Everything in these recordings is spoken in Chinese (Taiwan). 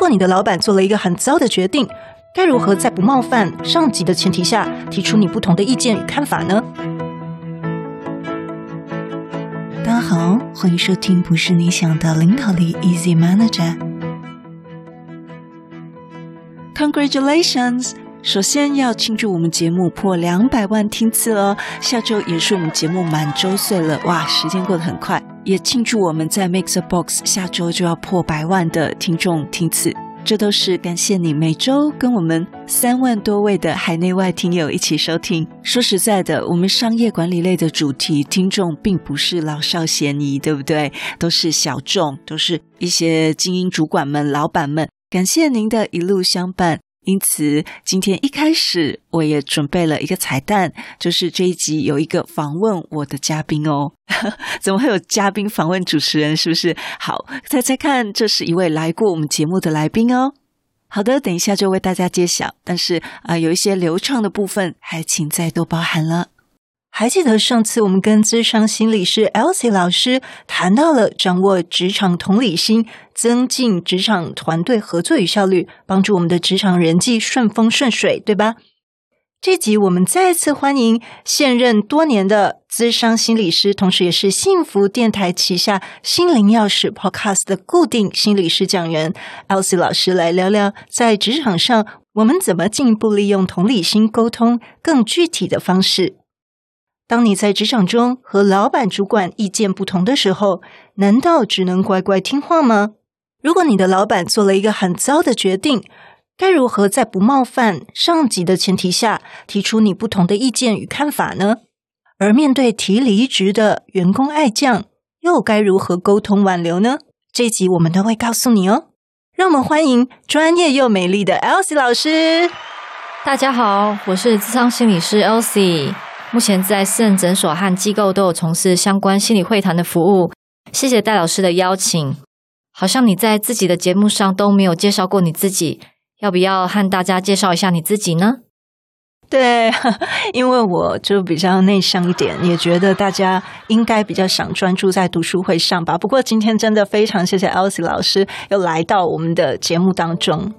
如果你的老闆做了一個很糟的決定，該如何在不冒犯上級的前提下提出你不同的意見與看法呢？大家好，歡迎收聽不是你想的領導力 Easy Manager。Congratulations. 首先要慶祝我們節目破兩百萬聽次咯，下周也是我們節目滿週歲了，哇，時間過得很快，也慶祝我們在 MixerBox 下周就要破百萬的聽眾聽次，這都是感謝你每周跟我們三萬多位的海內外聽友一起收聽。說實在的，我們商業管理類的主題聽眾並不是老少咸宜，對不對？都是小眾，都是一些精英主管們、老板們。感謝您的一路相伴。因此，今天一開始我也準備了一個彩蛋，就是這一集有一個訪問我的嘉賓哦。 怎麼會有嘉賓訪問主持人？是不是？好，猜猜看，這是一位來過我們節目的來賓哦。好的，等一下就為大家揭曉。但是啊、呃，有一些流暢的部分，還請再多包涵了。還記得上次我們跟諮商心理師 Elsie 老師談到了掌握職場同理心，增進職場團隊合作與效率，幫助我們的職場人際順風順水，對吧？這集我們再次歡迎現任多年的諮商心理師，同時也是幸福電台旗下心靈鑰匙 Podcast 的固定心理師講員 Elsie 老師來聊聊，在職場上我們怎麼進一步利用同理心溝通更具體的方式。當你在職場中和老板主管意見不同的時候，難道只能乖乖聽話嗎？如果你的老板做了一個很糟的決定，該如何在不冒犯上級的前提下提出你不同的意見與看法呢？而面對提離職的員工愛將，又該如何溝通挽留呢？這集我們都會告訴你哦。讓我們歡迎專業又美麗的 Elsie 老師。大家好，我是諮商心理師 Elsie。目前在私人診所和機構都有從事相關心理會談的服務。謝謝戴老師的邀請。好像你在自己的節目上都沒有介紹過你自己，要不要和大家介紹一下你自己呢？對，因為我就比較內向一點，也覺得大家應該比較想專注在讀書會上吧。不過今天真的非常謝謝 Elsie 老師又來到我們的節目當中。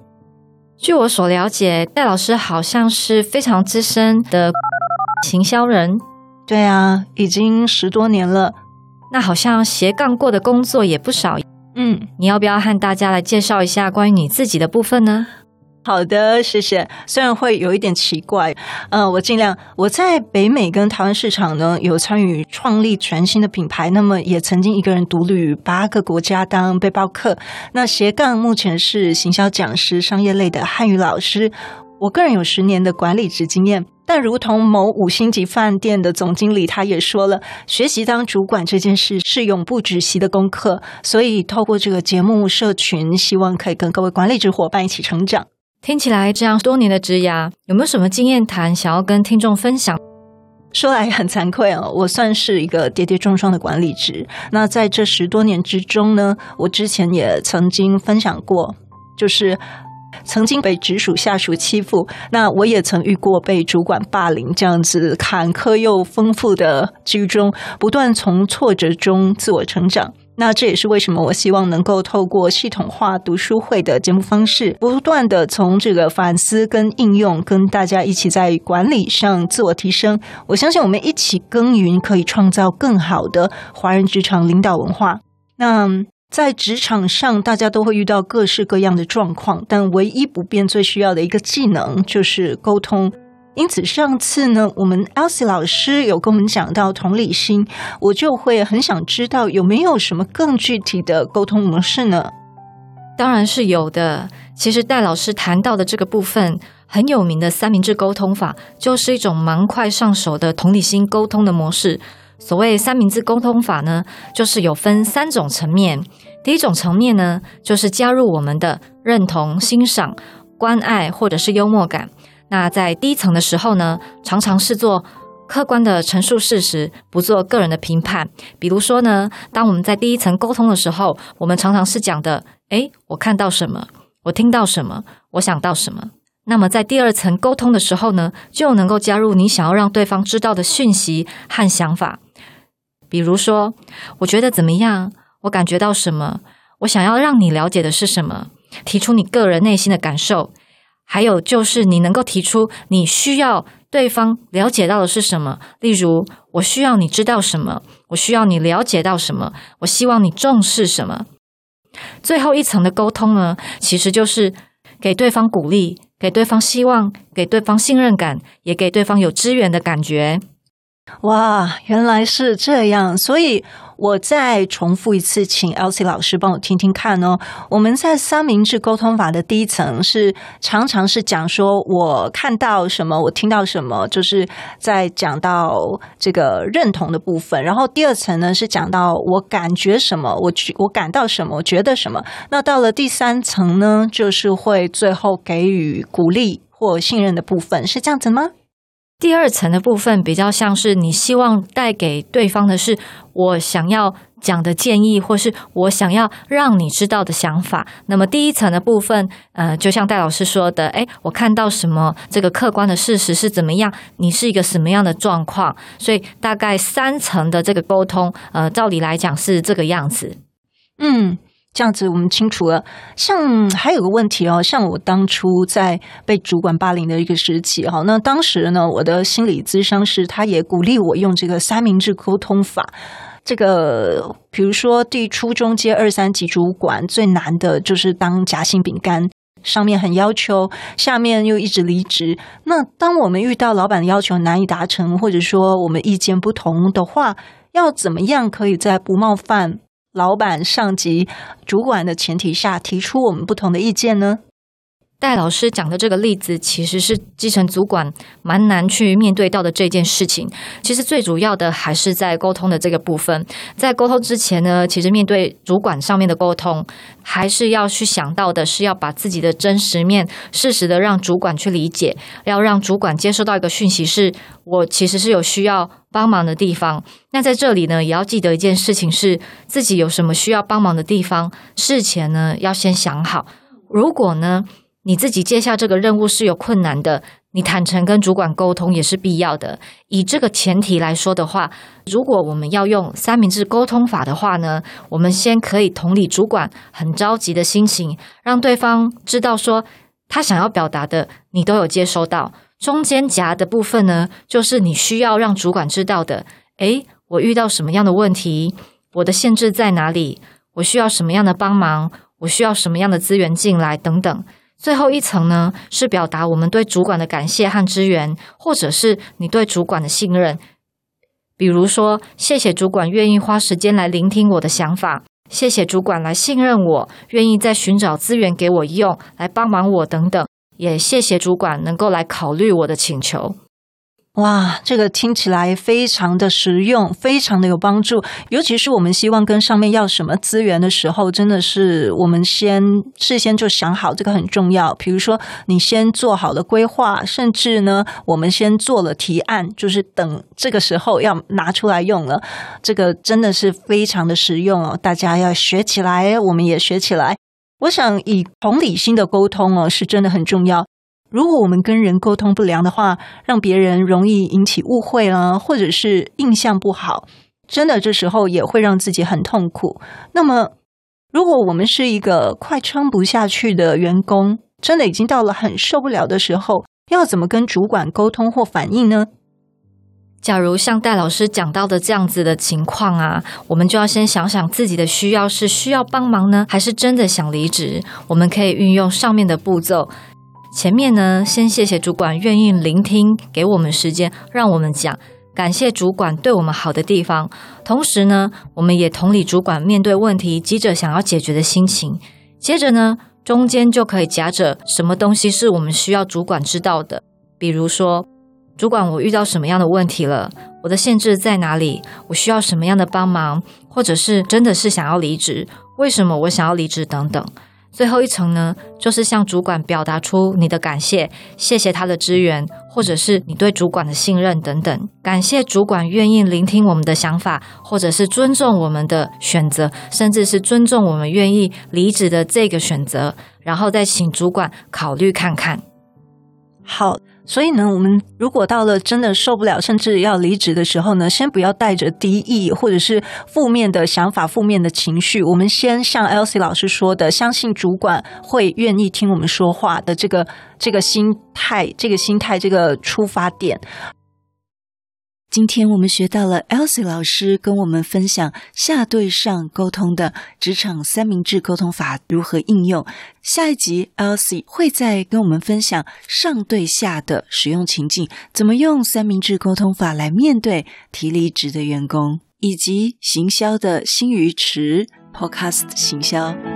據我所了解，戴老師好像是非常資深的。行銷人，對啊，已經十多年了。那好像斜槓過的工作也不少。嗯，你要不要和大家來介紹一下關於你自己的部分呢？好的，謝謝。雖然會有一點奇怪，嗯、呃，我盡量。我在北美跟台灣市場呢，有參與創立全新的品牌。那麼也曾經一個人獨旅八個國家當背包客。那斜槓目前是行銷講師、商業類的漢語老師。我個人有十年的管理職經驗，但如同某五星級飯店的總經理，他也說了，學習當主管這件事是永不止息的功課。所以，透過這個節目社群，希望可以跟各位管理職夥伴一起成長。聽起來這樣多年的職涯，有沒有什麼經驗談想要跟聽眾分享？說來很慚愧哦，我算是一個跌跌撞撞的管理職。那在這十多年之中呢，我之前也曾經分享過，就是。曾經被直屬下屬欺負，那我也曾遇過被主管霸凌，這樣子坎坷又豐富的之中，不斷從挫折中自我成長。那這也是為什麼我希望能夠透過系統化讀書會的節目方式，不斷地從這個反思跟應用，跟大家一起在管理上自我提升。我相信我們一起耕耘，可以創造更好的華人職場領導文化。那。在職場上，大家都會遇到各式各樣的狀況，但唯一不變、最需要的一個技能就是溝通。因此，上次呢，我們 Elsie 老師有跟我們講到同理心，我就會很想知道有沒有什麼更具體的溝通模式呢？當然是有的。其實戴老師談到的這個部分，很有名的三明治溝通法，就是一種蠻快上手的同理心溝通的模式。所謂三明治溝通法呢，就是有分三種層面。第一種層面呢，就是加入我們的認同、欣賞、關愛或者是幽默感。那在第一層的時候呢，常常是做客觀的陳述事實，不做個人的評判。比如說呢，當我們在第一層溝通的時候，我們常常是講的：誒，我看到什麼，我聽到什麼，我想到什麼。那麼在第二層溝通的時候呢，就能夠加入你想要讓對方知道的訊息和想法。比如說，我覺得怎麼樣？我感覺到什麼？我想要讓你了解的是什麼？提出你個人內心的感受，還有就是你能夠提出你需要對方了解到的是什麼？例如，我需要你知道什麼？我需要你了解到什麼？我希望你重視什麼？最後一層的溝通呢，其實就是給對方鼓勵，給對方希望，給對方信任感，也給對方有支援的感覺。哇，原來是這樣！所以我再重複一次，請 Elsie 老師幫我聽聽看哦。我們在三明治溝通法的第一層是常常是講說我看到什麼，我聽到什麼，就是在講到這個認同的部分。然後第二層呢是講到我感覺什麼，我我感到什麼，我覺得什麼。那到了第三層呢，就是會最後給予鼓勵或信任的部分，是這樣子嗎？第二層的部分比較像是你希望帶給對方的是我想要講的建議，或是我想要讓你知道的想法。那麼第一層的部分，呃，就像戴老師說的，誒、欸，我看到什麼，這個客觀的事實是怎麼樣，你是一個什麼樣的狀況。所以大概三層的這個溝通，呃，照理來講是這個樣子。嗯。這樣子我們清楚了。像還有個問題哦，像我當初在被主管霸凌的一個時期，哈，那當時呢，我的心理諮商師，他也鼓勵我用這個三明治溝通法。這個比如說，對初中階，二三級主管最難的就是當夾心餅乾，上面很要求，下面又一直離職。那當我們遇到老板的要求難以達成，或者說我們意見不同的話，要怎麼樣可以在不冒犯？老闆、上級、主管的前提下，提出我們不同的意見呢？戴老師講的這個例子，其實是基層主管蠻難去面對到的這件事情。其實最主要的還是在溝通的這個部分。在溝通之前呢，其實面對主管上面的溝通，還是要去想到的是要把自己的真實面、適時地讓主管去理解，要讓主管接收到一個訊息是：，是我其實是有需要幫忙的地方。那在這裡呢，也要記得一件事情是，自己有什麼需要幫忙的地方，事前呢要先想好。如果呢？你自己接下這個任務是有困難的，你坦誠跟主管溝通也是必要的。以這個前提來說的話，如果我們要用三明治溝通法的話呢，我們先可以同理主管很着急的心情，讓對方知道說他想要表達的你都有接收到。中間夾的部分呢，就是你需要讓主管知道的：誒，我遇到什麼樣的問題？我的限制在哪裡？我需要什麼樣的幫忙？我需要什麼樣的資源進來？等等。最後一層呢，是表達我們對主管的感謝和支援，或者是你對主管的信任。比如說，謝謝主管願意花時間來聆聽我的想法，謝謝主管來信任我，願意再尋找資源給我用，來幫忙我等等，也謝謝主管能夠來考慮我的請求。哇，這個聽起來非常的實用，非常的有幫助。尤其是我們希望跟上面要什麼資源的時候，真的是我們先事先就想好，這個很重要。比如說，你先做好了規劃，甚至呢，我們先做了提案，就是等這個時候要拿出來用了。這個真的是非常的實用哦，大家要學起來，我們也學起來。我想以同理心的溝通哦，是真的很重要。如果我們跟人溝通不良的話，讓別人容易引起誤會啊，或者是印象不好，真的這時候也會讓自己很痛苦。那麼，如果我們是一個快撐不下去的員工，真的已經到了很受不了的時候，要怎麼跟主管溝通或反映呢？假如像戴老師講到的這樣子的情況啊，我們就要先想想自己的需要是需要幫忙呢，還是真的想離職？我們可以運用上面的步驟。前面呢，先謝謝主管願意聆聽，給我們時間，讓我們講。感謝主管對我們好的地方，同時呢，我們也同理主管面對問題急着想要解決的心情。接着呢，中間就可以夾着什麼東西是我們需要主管知道的，比如說，主管我遇到什麼樣的問題了，我的限制在哪裡，我需要什麼樣的幫忙，或者是真的是想要離職，為什麼我想要離職等等。最後一層呢，就是向主管表達出你的感謝，謝謝他的支援，或者是你對主管的信任等等，感謝主管願意聆聽我們的想法，或者是尊重我們的選擇，甚至是尊重我們願意離職的這個選擇，然後再請主管考慮看看。好。所以呢，我們如果到了真的受不了，甚至要離職的時候呢，先不要帶着敵意或者是負面的想法、負面的情緒。我們先像 Elsie 老師說的，相信主管會願意聽我們說話的這個這個心態、這個心態、這個出發點。今天我們學到了 Elsie 老師跟我們分享下對上溝通的職場三明治溝通法如何應用。下一集 Elsie 會再跟我們分享上對下的使用情境，怎麼用三明治溝通法來面對提離職的員工，以及行銷的新魚池 Podcast 行銷。